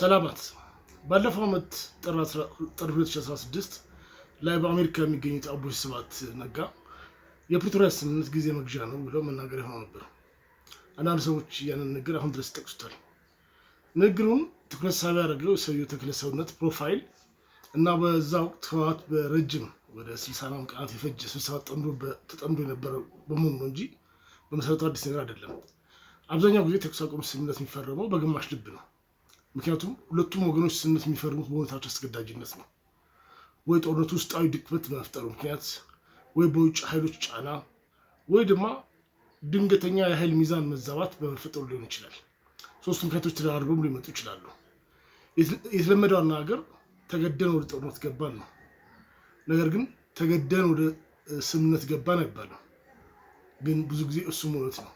ሰላማት ባለፈው ዓመት ጥር 2016 ላይ በአሜሪካ የሚገኙት አቦይ ስብሃት ነጋ የፕሪቶሪያ ስምምነት ጊዜ መግዣ ነው ብለው መናገር ይሆነው ነበር። አንዳንድ ሰዎች ያንን ንግግር አሁን ድረስ ይጠቅሱታል። ንግግሩን ትኩረት ሳቢ ያደረገው የሰውየው ተክለ ሰውነት ፕሮፋይል እና በዛ ወቅት ህወሓት በረጅም ወደ 60 ቀናት የፈጀ ስብሰባ ተጠምዶ የነበረ በመሆኑ ነው እንጂ በመሰረቱ አዲስ ነገር አይደለም። አብዛኛው ጊዜ ተኩስ አቁም ስምምነት የሚፈረመው በግማሽ ልብ ነው። ምክንያቱም ሁለቱም ወገኖች ስምምነት የሚፈርሙት በሁኔታቸው አስገዳጅነት ነው። ወይ ጦርነቱ ውስጣዊ ድክመት በመፍጠሩ ምክንያት፣ ወይ በውጭ ኃይሎች ጫና፣ ወይ ድማ ድንገተኛ የኃይል ሚዛን መዛባት በመፈጠሩ ሊሆን ይችላል። ሶስቱ ምክንያቶች ተደራርበውም ሊመጡ ይችላሉ። የተለመደው አነጋገር ተገደን ወደ ጦርነት ገባን ነው። ነገር ግን ተገደን ወደ ስምምነት ገባን አይባልም። ግን ብዙ ጊዜ እሱም እውነት ነው።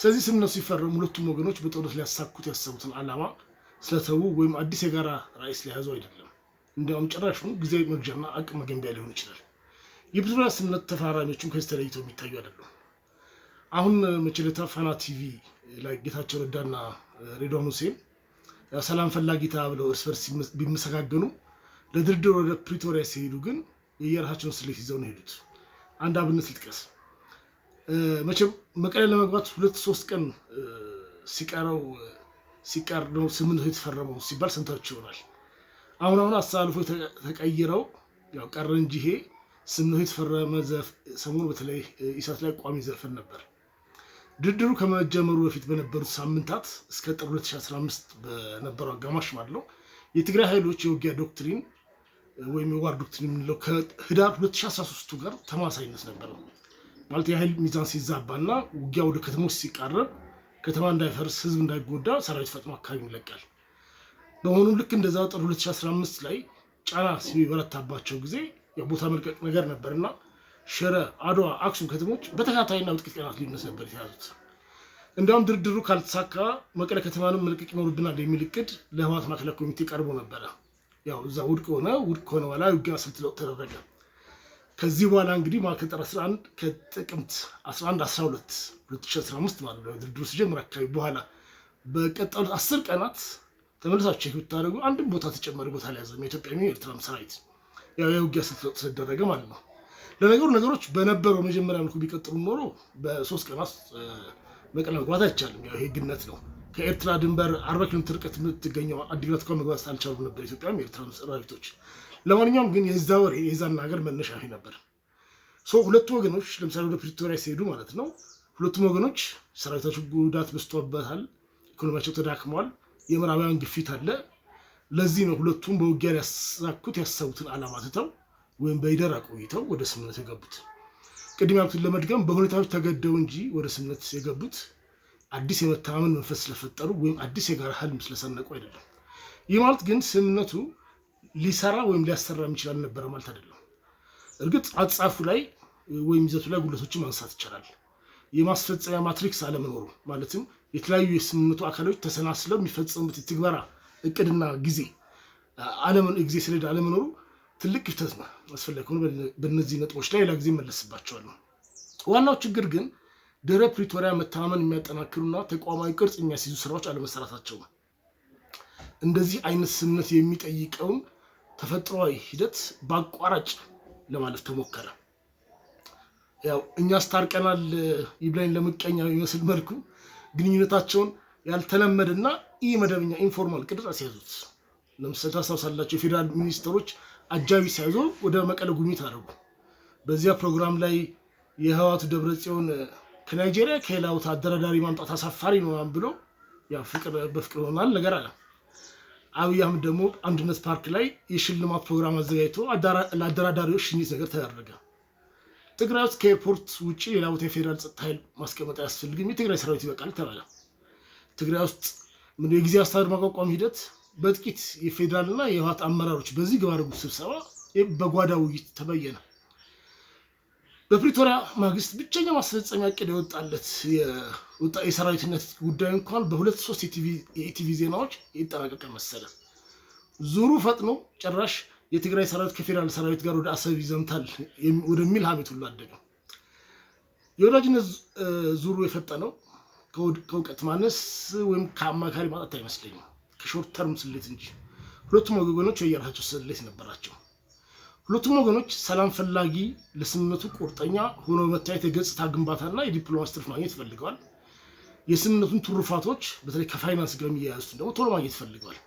ስለዚህ ስምምነቱ ሲፈረም ሁለቱም ወገኖች በጦርነት ሊያሳኩት ያሰቡትን አላማ ስለተዉ ወይም አዲስ የጋራ ራዕይ ስለያዙ አይደለም። እንዲያውም ጭራሽ ጊዜያዊ መግዣና አቅም መገንቢያ ሊሆን ይችላል። የብዙ ራስነት ተፈራራሚዎችም ከዚህ ተለይተው የሚታዩ አይደሉም። አሁን መቼለታ ፋና ቲቪ ላይ ጌታቸው ረዳና ሬድዋን ሁሴን ሰላም ፈላጊ ብለው እርስ በርስ ቢመሰጋገኑ ለድርድር ወደ ፕሪቶሪያ ሲሄዱ ግን የየራሳቸውን ስሌት ይዘው ነው ሄዱት። አንድ አብነት ልጥቀስ። መቼም መቀሌ ለመግባት ሁለት ሶስት ቀን ሲቀረው ሲቀር ነው ስምንት የተፈረመው ሲባል ስንቶች ይሆናል? አሁን አሁን አሳልፎ ተቀይረው ያው ቀረ እንጂ ይሄ ስምንት የተፈረመ ሰሞኑ በተለይ ኢሳት ላይ ቋሚ ዘፈን ነበር። ድርድሩ ከመጀመሩ በፊት በነበሩት ሳምንታት እስከ ጥር 2015 በነበረው አጋማሽ ማለት የትግራይ ኃይሎች የውጊያ ዶክትሪን ወይም የዋር ዶክትሪን የምንለው ከህዳር 2013 ጋር ተማሳይነት ነበረው። ማለት የኃይል ሚዛን ሲዛባ ውጊያ ወደ ከተሞች ሲቃረብ ከተማ እንዳይፈርስ፣ ህዝብ እንዳይጎዳ ሰራዊት ፈጥኖ አካባቢ ይለቃል። በመሆኑ ልክ እንደዛ ጥር 2015 ላይ ጫና ሲበረታባቸው ጊዜ የቦታ መልቀቅ ነገር ነበርና ሽረ፣ አድዋ፣ አክሱም ከተሞች በተከታታይና በጥቂት ቀናት ልዩነት ነበር የተያዙት። እንዲያውም ድርድሩ ካልተሳካ መቀለ ከተማንም መልቀቅ ይኖርብናል የሚል እቅድ ለህወሓት ማዕከላዊ ኮሚቴ ቀርቦ ነበረ። ያው እዛ ውድቅ ሆነ። ውድቅ ከሆነ በኋላ ውጊያ ስልት ለውጥ ተደረገ። ከዚህ በኋላ እንግዲህ ማከጠር 11 ከጥቅምት 11 12 2015 ማለት ነው ድርድሩ ሲጀምር አካባቢ በኋላ በቀጠሉት አስር ቀናት ተመልሳችሁ ቼክ ብታደርጉ አንድም ቦታ ተጨማሪ ቦታ አልያዘም። የኢትዮጵያ የሚሆን ኤርትራም ሰራዊት ያው የውጊያ ስለተደረገ ማለት ነው። ለነገሩ ነገሮች በነበረው መጀመሪያ መልኩ ቢቀጥሉ ኖሮ በሶስት ቀናት መቀለ መግባት አይቻልም። ያው ይሄ ነው። ከኤርትራ ድንበር አርባ ኪሎ ሜትር ርቀት የምትገኘው አዲግራት እንኳ መግባት አልቻሉ ነበር ኢትዮጵያም የኤርትራ ሰራዊቶች። ለማንኛውም ግን የዛ ወሬ የዛን ሀገር መነሻ ነበር። ሁለቱ ወገኖች ለምሳሌ ወደ ፕሪቶሪያ ሲሄዱ ማለት ነው፣ ሁለቱም ወገኖች ሰራዊታቸው ጉዳት በስቶበታል፣ ኢኮኖሚያቸው ተዳክመዋል፣ የምዕራባውያን ግፊት አለ። ለዚህ ነው ሁለቱም በውጊያ ያሳኩት ያሰቡትን ዓላማ ትተው ወይም በይደር አቆይተው ወደ ስምነት የገቡት። ቅድም ያሉትን ለመድገም በሁኔታዎች ተገደው እንጂ ወደ ስምነት የገቡት አዲስ የመተማመን መንፈስ ስለፈጠሩ ወይም አዲስ የጋራ ህልም ስለሰነቁ አይደለም። ይህ ማለት ግን ስምነቱ ሊሰራ ወይም ሊያሰራ የሚችል አልነበረ ማለት አይደለም። እርግጥ አጻፉ ላይ ወይም ይዘቱ ላይ ጉለቶችን ማንሳት ይቻላል። የማስፈጸሚያ ማትሪክስ አለመኖሩ ማለትም የተለያዩ የስምምነቱ አካሎች ተሰናስለው የሚፈጸሙት የትግበራ እቅድና ጊዜ ጊዜ ሰሌዳ አለመኖሩ ትልቅ ክፍተት ነው። አስፈላጊ ሆኖ በእነዚህ ነጥቦች ላይ ሌላ ጊዜ መለስባቸዋለሁ። ዋናው ችግር ግን ድህረ ፕሪቶሪያ መተማመን የሚያጠናክሩና ተቋማዊ ቅርጽ የሚያስይዙ ስራዎች አለመሰራታቸው ነው። እንደዚህ አይነት ስምምነት የሚጠይቀውን ተፈጥሯዊ ሂደት በአቋራጭ ለማለፍ ተሞከረ። ያው እኛ አስታርቀናል ይብላኝ ለምቀኛ የሚመስል መልኩ ግንኙነታቸውን ያልተለመደና ኢ መደበኛ ኢንፎርማል ቅርጽ ሲያዙት፣ ለምሳሌ ታስታውሳላቸው የፌዴራል ሚኒስትሮች አጃቢ ሲያዙ ወደ መቀለ ጉብኝት አደረጉ። በዚያ ፕሮግራም ላይ የህዋቱ ደብረ ጽዮን ከናይጄሪያ ከሌላ ቦታ አደራዳሪ ማምጣት አሳፋሪ ነው ብሎ ያው ፍቅር በፍቅር ሆናል ነገር አለም አብይ አህመድ ደግሞ አንድነት ፓርክ ላይ የሽልማት ፕሮግራም አዘጋጅቶ ለአደራዳሪዎች ሽኝት ነገር ተደረገ። ትግራይ ውስጥ ከኤርፖርት ውጭ ሌላ ቦታ የፌዴራል ጸጥታ ኃይል ማስቀመጥ አያስፈልግም፣ የትግራይ ሰራዊት ይበቃል ተባለ። ትግራይ ውስጥ ምን የጊዜ አስተዳደር ማቋቋም ሂደት በጥቂት የፌዴራልና የህወሓት አመራሮች በዚህ ግባ ስብሰባ በጓዳ ውይይት ተበየነ። በፕሪቶሪያ ማግስት ብቸኛው ማስፈጸሚያ ዕቅድ የወጣለት የሰራዊትነት ጉዳይ እንኳን በሁለት ሶስት የኢቲቪ ዜናዎች ይጠናቀቀ መሰለ። ዙሩ ፈጥኖ ጭራሽ የትግራይ ሰራዊት ከፌዴራል ሰራዊት ጋር ወደ አሰብ ይዘምታል ወደሚል ሀሜት ሁሉ አደገ። የወዳጅነት ዙሩ የፈጠነው ከእውቀት ማነስ ወይም ከአማካሪ ማጣት አይመስለኝም፣ ከሾርት ተርም ስሌት እንጂ ሁለቱም ወገኖች የየራሳቸው ስሌት ነበራቸው። ሁለቱም ወገኖች ሰላም ፈላጊ ለስምምነቱ ቁርጠኛ ሆኖ መታየት የገጽታ ግንባታና የዲፕሎማሲ ትርፍ ማግኘት ይፈልገዋል። የስምምነቱን ትሩፋቶች በተለይ ከፋይናንስ ጋር የሚያያዙትን ደግሞ ቶሎ ማግኘት ይፈልገዋል።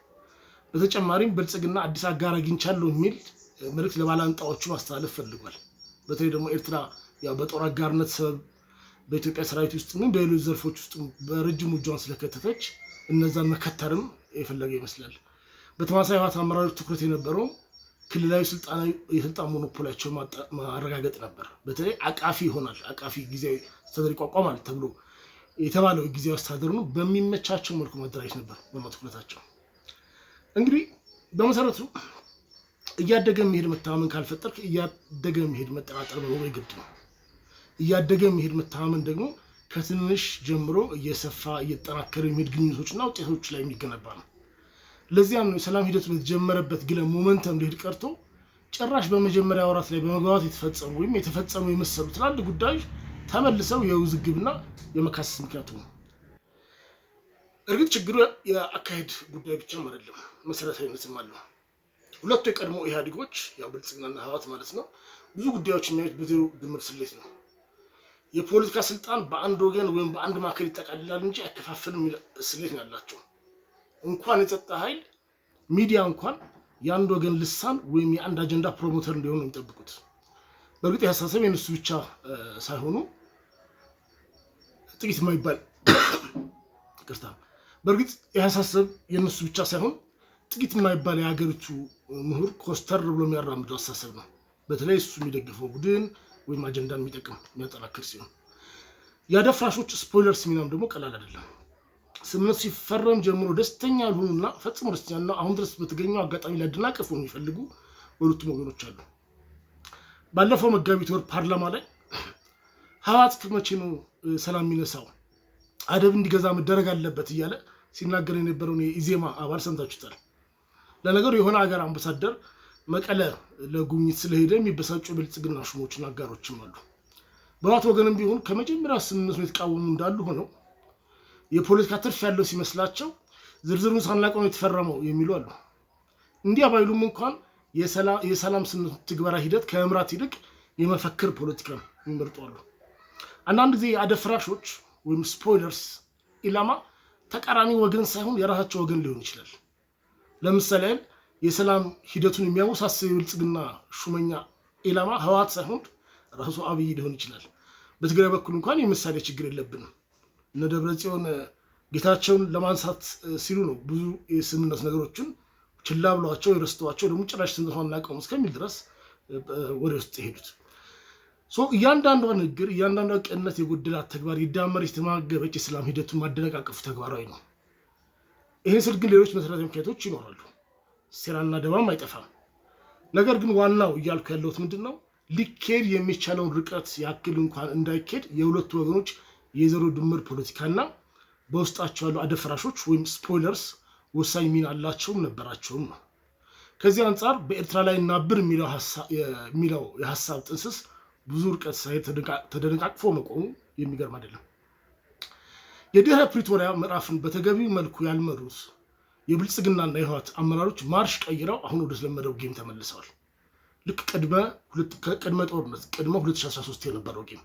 በተጨማሪም ብልጽግና አዲስ አጋር አግኝቻለሁ የሚል መልእክት ለባላንጣዎቹ ማስተላለፍ ፈልጓል። በተለይ ደግሞ ኤርትራ በጦር አጋርነት ሰበብ በኢትዮጵያ ሰራዊት ውስጥ ምን በሌሎች ዘርፎች ውስጥ በረጅም እጇን ስለከተተች እነዛን መከተርም የፈለገ ይመስላል። በተመሳሳይ ህወሓት አመራሮች ትኩረት የነበረው ክልላዊ ስልጣናዊ የስልጣን ሞኖፖሊያቸው ማረጋገጥ ነበር። በተለይ አቃፊ ይሆናል አቃፊ ጊዜያዊ አስተዳደር ይቋቋማል ተብሎ የተባለው ጊዜያዊ ነው። በሚመቻቸው መልኩ ማደራጀት ነበር በማትኩረታቸው። እንግዲህ በመሰረቱ እያደገ መሄድ መተማመን ካልፈጠር እያደገ መሄድ መጠራጠር መኖር ግድ ነው። እያደገ መሄድ መተማመን ደግሞ ከትንሽ ጀምሮ እየሰፋ እየጠናከረ የሚሄድ እና ውጤቶች ላይ የሚገነባ ነው። ለዚያም ነው የሰላም ሂደቱ የተጀመረበት ግለ ሞመንተም ሊሄድ ቀርቶ ጭራሽ በመጀመሪያ ወራት ላይ በመግባባት የተፈጸሙ ወይም የተፈጸሙ የመሰሉ ትላልቅ ጉዳዮች ተመልሰው የውዝግብና የመካሰስ ምክንያቱ ነው። እርግጥ ችግሩ የአካሄድ ጉዳይ ብቻም አይደለም፣ መሰረታዊነትም አለው። ሁለቱ የቀድሞ ኢህአዴጎች ያው ብልጽግናና ህወሓት ማለት ነው ብዙ ጉዳዮች የሚያዩት በዜሮ ድምር ስሌት ነው። የፖለቲካ ስልጣን በአንድ ወገን ወይም በአንድ ማዕከል ይጠቃልላል እንጂ አይከፋፈልም የሚል ስሌት ነው ያላቸው። እንኳን የጸጥታ ኃይል ሚዲያ እንኳን የአንድ ወገን ልሳን ወይም የአንድ አጀንዳ ፕሮሞተር እንዲሆኑ ነው የሚጠብቁት። በእርግጥ ያሳሰብ የነሱ ብቻ ሳይሆኑ ጥቂት የማይባል ቅርታ፣ በእርግጥ ያሳሰብ የነሱ ብቻ ሳይሆን ጥቂት የማይባል የሀገሪቱ ምሁር ኮስተር ብሎ የሚያራምደው አሳሰብ ነው። በተለይ እሱ የሚደግፈው ቡድን ወይም አጀንዳን የሚጠቅም የሚያጠናክር ሲሆን የአደፍራሾች ስፖይለርስ ሚናም ደግሞ ቀላል አይደለም። ስምምነት ሲፈረም ጀምሮ ደስተኛ ያልሆኑና ፈጽሞ ደስተኛና አሁን ድረስ በተገኘው አጋጣሚ ሊያደናቅፉ የሚፈልጉ በሁለቱም ወገኖች አሉ። ባለፈው መጋቢት ወር ፓርላማ ላይ ህወሓት ከመቼ ነው ሰላም የሚነሳው አደብ እንዲገዛ መደረግ አለበት እያለ ሲናገር የነበረውን የኢዜማ አባል ሰምታችሁታል። ለነገሩ የሆነ ሀገር አምባሳደር መቀለ ለጉብኝት ስለሄደ የሚበሳጩ ብልጽግና ሹሞችና አጋሮችም አሉ። በህወሓት ወገንም ቢሆን ከመጀመሪያ ስምምነቱን የተቃወሙ እንዳሉ ሆነው የፖለቲካ ትርፍ ያለው ሲመስላቸው ዝርዝሩን ሳናውቅ ነው የተፈረመው የሚሉ አሉ። እንዲያ ባይሉም እንኳን የሰላም ስምምነት ትግበራ ሂደት ከመምራት ይልቅ የመፈክር ፖለቲካ ይመርጧሉ። አንዳንድ ጊዜ አደፍራሾች ወይም ስፖይለርስ ኢላማ ተቃራኒ ወገን ሳይሆን የራሳቸው ወገን ሊሆን ይችላል። ለምሳሌ የሰላም ሂደቱን የሚያወሳስብ የብልጽግና ሹመኛ ኢላማ ህወሓት ሳይሆን ራሱ አብይ ሊሆን ይችላል። በትግራይ በኩል እንኳን የምሳሌ ችግር የለብንም። እነ ደብረ ጽዮን ጌታቸውን ለማንሳት ሲሉ ነው ብዙ የስምነት ነገሮችን ችላ ብሏቸው የረስተዋቸው ደግሞ ጭራሽ ስንት አናውቀውም እስከሚል ድረስ ወደ ውስጥ የሄዱት እያንዳንዷ ንግግር እያንዳንዷ ቅንነት የጎደላት ተግባር ይዳመር የተማገበች የሰላም ሂደቱን ማደነቃቀፉ ተግባራዊ ነው። ይህን ስል ግን ሌሎች መሰረታዊ ምክንያቶች ይኖራሉ። ሴራና ደባም አይጠፋም። ነገር ግን ዋናው እያልኩ ያለሁት ምንድን ነው ሊካሄድ የሚቻለውን ርቀት ያክል እንኳን እንዳይካሄድ የሁለቱ ወገኖች የዘሮ ድምር ፖለቲካና በውስጣቸው ያሉ አደፈራሾች ወይም ስፖይለርስ ወሳኝ ሚና አላቸውም ነበራቸውም ነው። ከዚህ አንጻር በኤርትራ ላይ እናብር የሚለው የሀሳብ ጥንስስ ብዙ እርቀት ሳይሄድ ተደነቃቅፎ መቆሙ የሚገርም አይደለም። የድህረ ፕሪቶሪያ ምዕራፍን በተገቢው መልኩ ያልመሩት የብልጽግናና የህወሓት አመራሮች ማርሽ ቀይረው አሁን ወደ ተለመደው ጌም ተመልሰዋል። ልክ ቅድመ ጦርነት ቅድመ 2013 የነበረው ጌም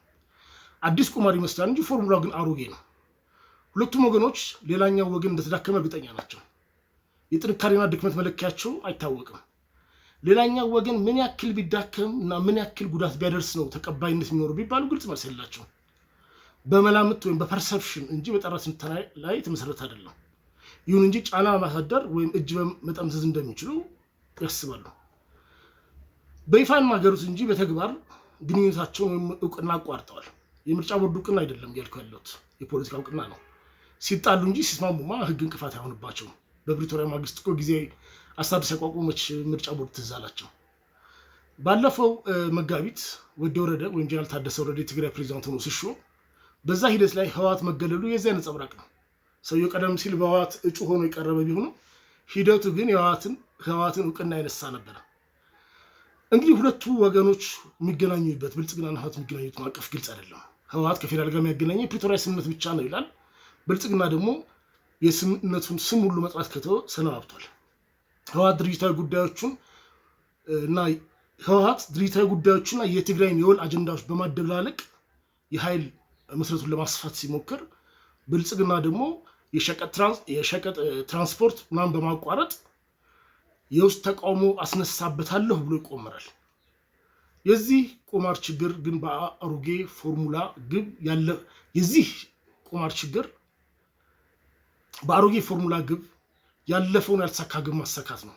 አዲስ ቁማር ይመስላል እንጂ ፎርሙላ ግን አሮጌ ነው። ሁለቱም ወገኖች ሌላኛው ወገን እንደተዳከመ እርግጠኛ ናቸው። የጥንካሬና ድክመት መለኪያቸው አይታወቅም። ሌላኛው ወገን ምን ያክል ቢዳከም እና ምን ያክል ጉዳት ቢያደርስ ነው ተቀባይነት የሚኖሩ ቢባሉ ግልጽ መልስ የላቸው። በመላምት ወይም በፐርሰፕሽን እንጂ በጠራ ትንተና ላይ የተመሰረተ አይደለም። ይሁን እንጂ ጫና ማሳደር ወይም እጅ መጠምዘዝ እንደሚችሉ ያስባሉ። በይፋ የማገሩት እንጂ በተግባር ግንኙነታቸውን ወይም እውቅና አቋርጠዋል። የምርጫ ቦርድ እውቅና አይደለም እያልኩ ያለሁት የፖለቲካ እውቅና ነው። ሲጣሉ እንጂ ሲስማሙማ ህግ እንቅፋት አይሆንባቸውም። በፕሪቶሪያ ማግስት እኮ ጊዜ አስተዳደር ሲያቋቁመች ምርጫ ቦርድ ትዝ አላቸው። ባለፈው መጋቢት ወደ ወረደ ወይም ጀነራል ታደሰ ወረደ የትግራይ ፕሬዚዳንት ሆኖ ሲሾም በዛ ሂደት ላይ ህወሓት መገለሉ የዚያ ነጸብራቅ ነው። ሰውየው ቀደም ሲል በህወሓት እጩ ሆኖ የቀረበ ቢሆንም ሂደቱ ግን የህወሓትን እውቅና የነሳ ነበረ። እንግዲህ ሁለቱ ወገኖች የሚገናኙበት ብልጽግናና ህወሓት የሚገናኙት ማዕቀፍ ግልጽ አይደለም። ህወሓት ከፌዴራል ጋር የሚያገናኘ ፕሪቶሪያ ስምምነት ብቻ ነው ይላል። ብልጽግና ደግሞ የስምምነቱን ስም ሁሉ መጥራት ከተወ ሰነባብቷል። ህወሓት ድርጅታዊ ጉዳዮቹን እና ህወሓት ድርጅታዊ ጉዳዮችና የትግራይን የወል አጀንዳዎች በማደላለቅ የኃይል መስረቱን ለማስፋት ሲሞክር ብልጽግና ደግሞ የሸቀጥ ትራንስፖርት ምናምን በማቋረጥ የውስጥ ተቃውሞ አስነሳበታለሁ ብሎ ይቆምራል። የዚህ ቁማር ችግር ግን በአሮጌ ፎርሙላ ግብ ያለ የዚህ ቁማር ችግር በአሮጌ ፎርሙላ ግብ ያለፈውን ያልተሳካ ግብ ማሳካት ነው።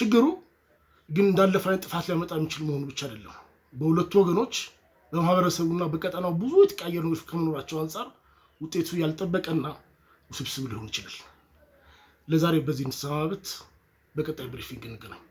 ችግሩ ግን እንዳለፈ አይነት ጥፋት ሊያመጣ የሚችል መሆኑ ብቻ አይደለም። በሁለቱ ወገኖች በማህበረሰቡና በቀጠናው ብዙ የተቀያየሩ ነገሮች ከመኖራቸው አንጻር ውጤቱ ያልጠበቀና ውስብስብ ሊሆን ይችላል። ለዛሬ በዚህ እንሰናበት። በቀጣይ ብሪፊንግ እንገናኝ።